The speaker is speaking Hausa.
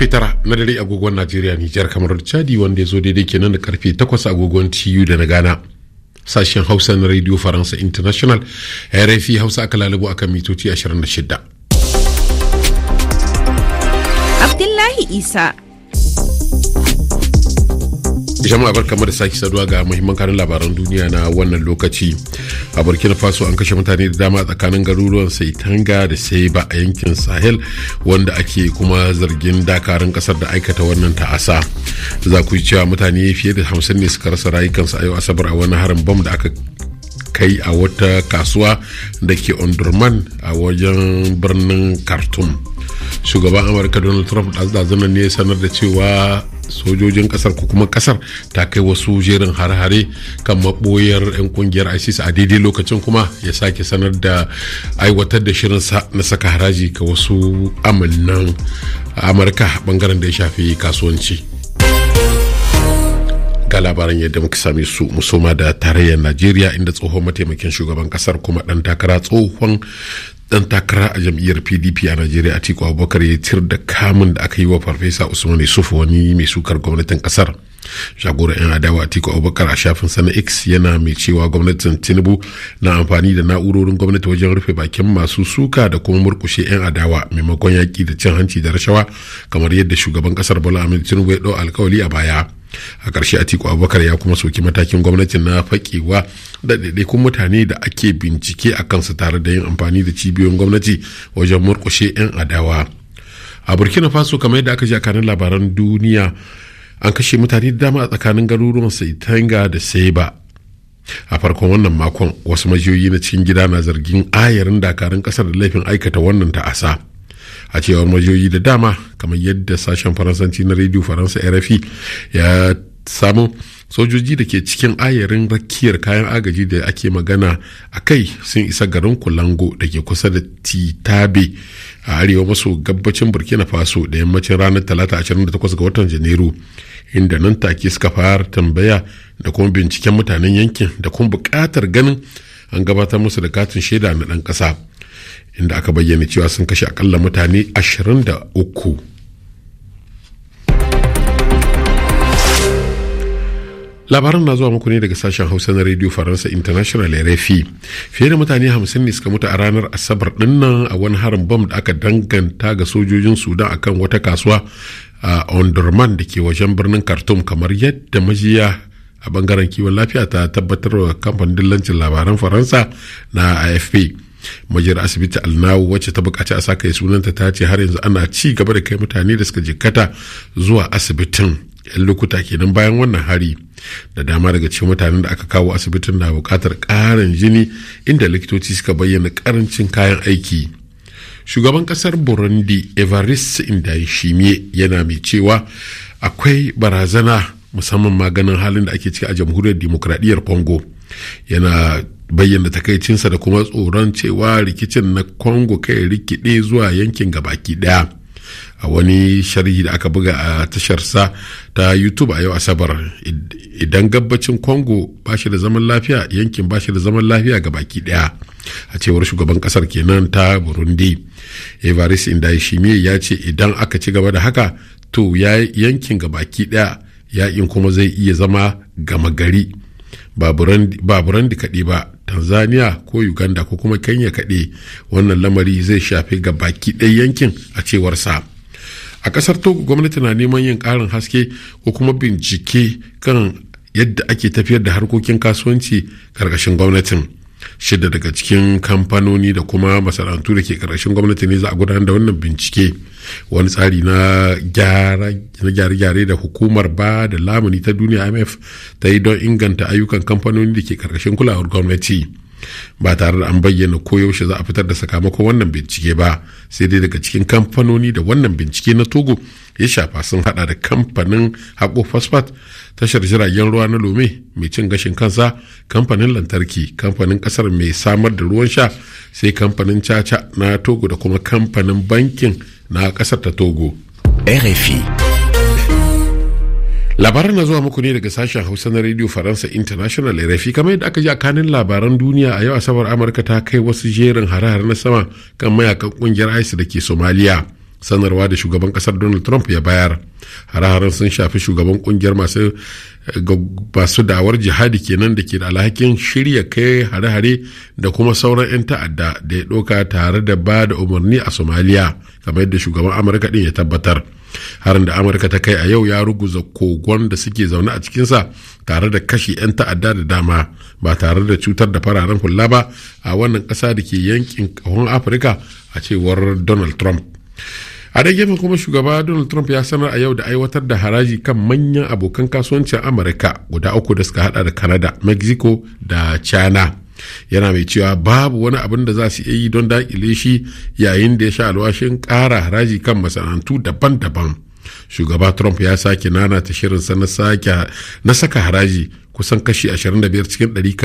karfe tara na dare agogon najeriya nijar kamar chadi wanda ya zo daidai kenan da karfe takwas agogon tu da na ghana sashen hausa na radio faransa international rfi hausa aka lalubo akan mitoci 26 abdullahi isa jama'a kamar da sake saduwa ga muhimman kanin labaran duniya na wannan lokaci a burkina faso an kashe mutane da dama tsakanin garuruwan Tanga da ba a yankin sahel wanda ake kuma zargin dakarun kasar da aikata wannan ta'asa za ku cewa mutane fiye da hamsin ne suka rasa rayukansu a yau asabar a wani harin bam da aka kai a wata kasuwa da ke ondurman a wajen birnin khartoum shugaban amurka donald trump ɗazu ne sanar da cewa sojojin kasar ko kuma kasar ta kai wasu jerin har-hare kan maboyar 'yan kungiyar isis a daidai lokacin kuma ya sake sanar da aiwatar da shirin na saka haraji ga wasu amannan amurka bangaren da ya shafi kasuwanci labaran yadda muka same su musoma da tarayyar najeriya inda tsohon mataimakin shugaban kasar kuma dan takara tsohon dan takara a jam'iyyar pdp a najeriya atiku abubakar ya tir da kamun da aka yi wa farfesa usman yusuf wani mai sukar gwamnatin kasar jagoran yan adawa atiku abubakar a shafin sana x yana mai cewa gwamnatin tinubu na amfani da na'urorin gwamnati wajen rufe bakin masu suka da kuma murkushe yan adawa maimakon yaƙi da cin hanci da rashawa kamar yadda shugaban kasar bola ahmed tinubu ya ɗau alkawali a baya a ƙarshe atiku abubakar ya kuma soki matakin gwamnati na fakewa da ɗaiɗaikun mutane da ake bincike a kansu tare da yin amfani da cibiyoyin gwamnati wajen murƙushe 'yan adawa a burkina faso kamar yadda aka ji a kanin labaran duniya an kashe mutane da dama a tsakanin garuruwan saitanga da seba a farkon wannan makon wasu majiyoyi na cikin gida na zargin ayarin dakarun kasar da laifin aikata wannan ta'asa a cewar majiyoyi da dama kamar yadda sashen faransanci na rediyo faransa rfi ya samu sojoji da ke cikin ayarin rakiyar kayan agaji da ake magana a kai sun isa garin kulango da ke kusa da titabe a arewa maso gabacin burkina faso da yammacin ranar talata 28 ga watan janairu inda nan take suka fara tambaya da kuma binciken mutanen yankin da kuma bukatar ganin an gabatar musu da katin shaida na ɗan ƙasa inda aka bayyana cewa sun kashe akalla mutane 23 labaran na zuwa muku ne daga sashen hausa na radio faransa international rfi fiye da mutane 50 ne suka mutu a ranar asabar dinnan a wani harin bom da aka danganta ga sojojin sudan kan wata kasuwa a ondorman da ke wajen birnin khartoum kamar yadda majiya a bangaren kiwon lafiya ta tabbatar wa kamfanin dillancin labaran faransa na afp majiyar asibiti alnawu wacce ta bukaci a saka sunanta ta ce har yanzu ana ci gaba da kai mutane da suka jikkata zuwa asibitin yan lokuta kenan bayan wannan hari da dama daga cikin mutanen da aka kawo asibitin na bukatar karin jini inda likitoci suka bayyana karancin kayan aiki shugaban kasar burundi evariste indayishimiye yana mai cewa akwai barazana musamman maganin halin da ake ciki a jamhuriyar demokradiyyar congo yana bayyana takaicinsa da kuma tsoron cewa rikicin na congo kai rikide zuwa yankin gabaki daya a wani sharhi da aka buga a tasharsa ta youtube a yau asabar idan gabacin congo ba shi da zaman lafiya yankin ba shi da zaman lafiya ga baki daya a cewar shugaban kasar kenan ta burundi evaris indayishimiye ya ce idan aka ci gaba da haka to ya yankin gabaki daya yakin kuma zai iya zama gama gari ba burundi kaɗe ba tanzania ko uganda ko kuma kenya kaɗe wannan lamari zai shafi ga baki ɗaya yankin a cewar sa a ƙasar togo gwamnati na neman yin ƙarin haske ko kuma bincike kan yadda ake tafiyar da harkokin kasuwanci ƙarƙashin gwamnatin shida daga cikin kamfanoni da kuma masana'antu da ke karashin gwamnati ne za a gudanar da wannan bincike wani tsari na gyare-gyare da hukumar ba da lamuni ta duniya imf ta yi don inganta ayyukan kamfanoni da ke karashin kulawar gwamnati ba tare da an bayyana ko yaushe za a fitar da sakamakon wannan bincike ba sai dai daga cikin kamfanoni da wannan bincike na togo ya shafa sun hada da kamfanin haƙo phosphate tashar jiragen ruwa na lome mai cin gashin kansa kamfanin lantarki kamfanin kasar mai samar da ruwan sha sai kamfanin caca na togo da kuma kamfanin bankin na kasar ta togo rfi labaran na zuwa muku ne daga sashen hausa na radio faransa international rafi kamar yadda aka ji a kanin labaran duniya a yau asabar amurka ta kai wasu jerin hare-hare na sama kan mayakan kungiyar isis da ke somaliya sanarwa da shugaban kasar donald trump ya bayar hare-haren sun shafi shugaban kungiyar masu basu dawar jihadi kenan da ke da alhakin shirya kai hare-hare da kuma sauran 'yan ta'adda da ya ɗauka tare da ba da umarni a somaliya kamar yadda shugaban amurka din ya tabbatar harin da amurka ta kai a yau ya ruguza kogon da suke zaune a cikinsa tare da kashe 'yan ta'adda da dama ba tare da cutar da fararen hula ba a wannan ƙasa da ke yankin ƙahon afirka a cewar donald trump a da gefen kuma shugaba donald trump ya sanar a yau da aiwatar da haraji kan manyan abokan kasuwancin amurka guda uku da suka hada da canada mexico da china yana mai cewa babu wani abin da za su iya yi don dakile shi yayin da ya sha alwashin kara haraji kan masana'antu daban-daban shugaba trump ya sake nana ta shirinsa na saka haraji kusan kashi 25 cikin 100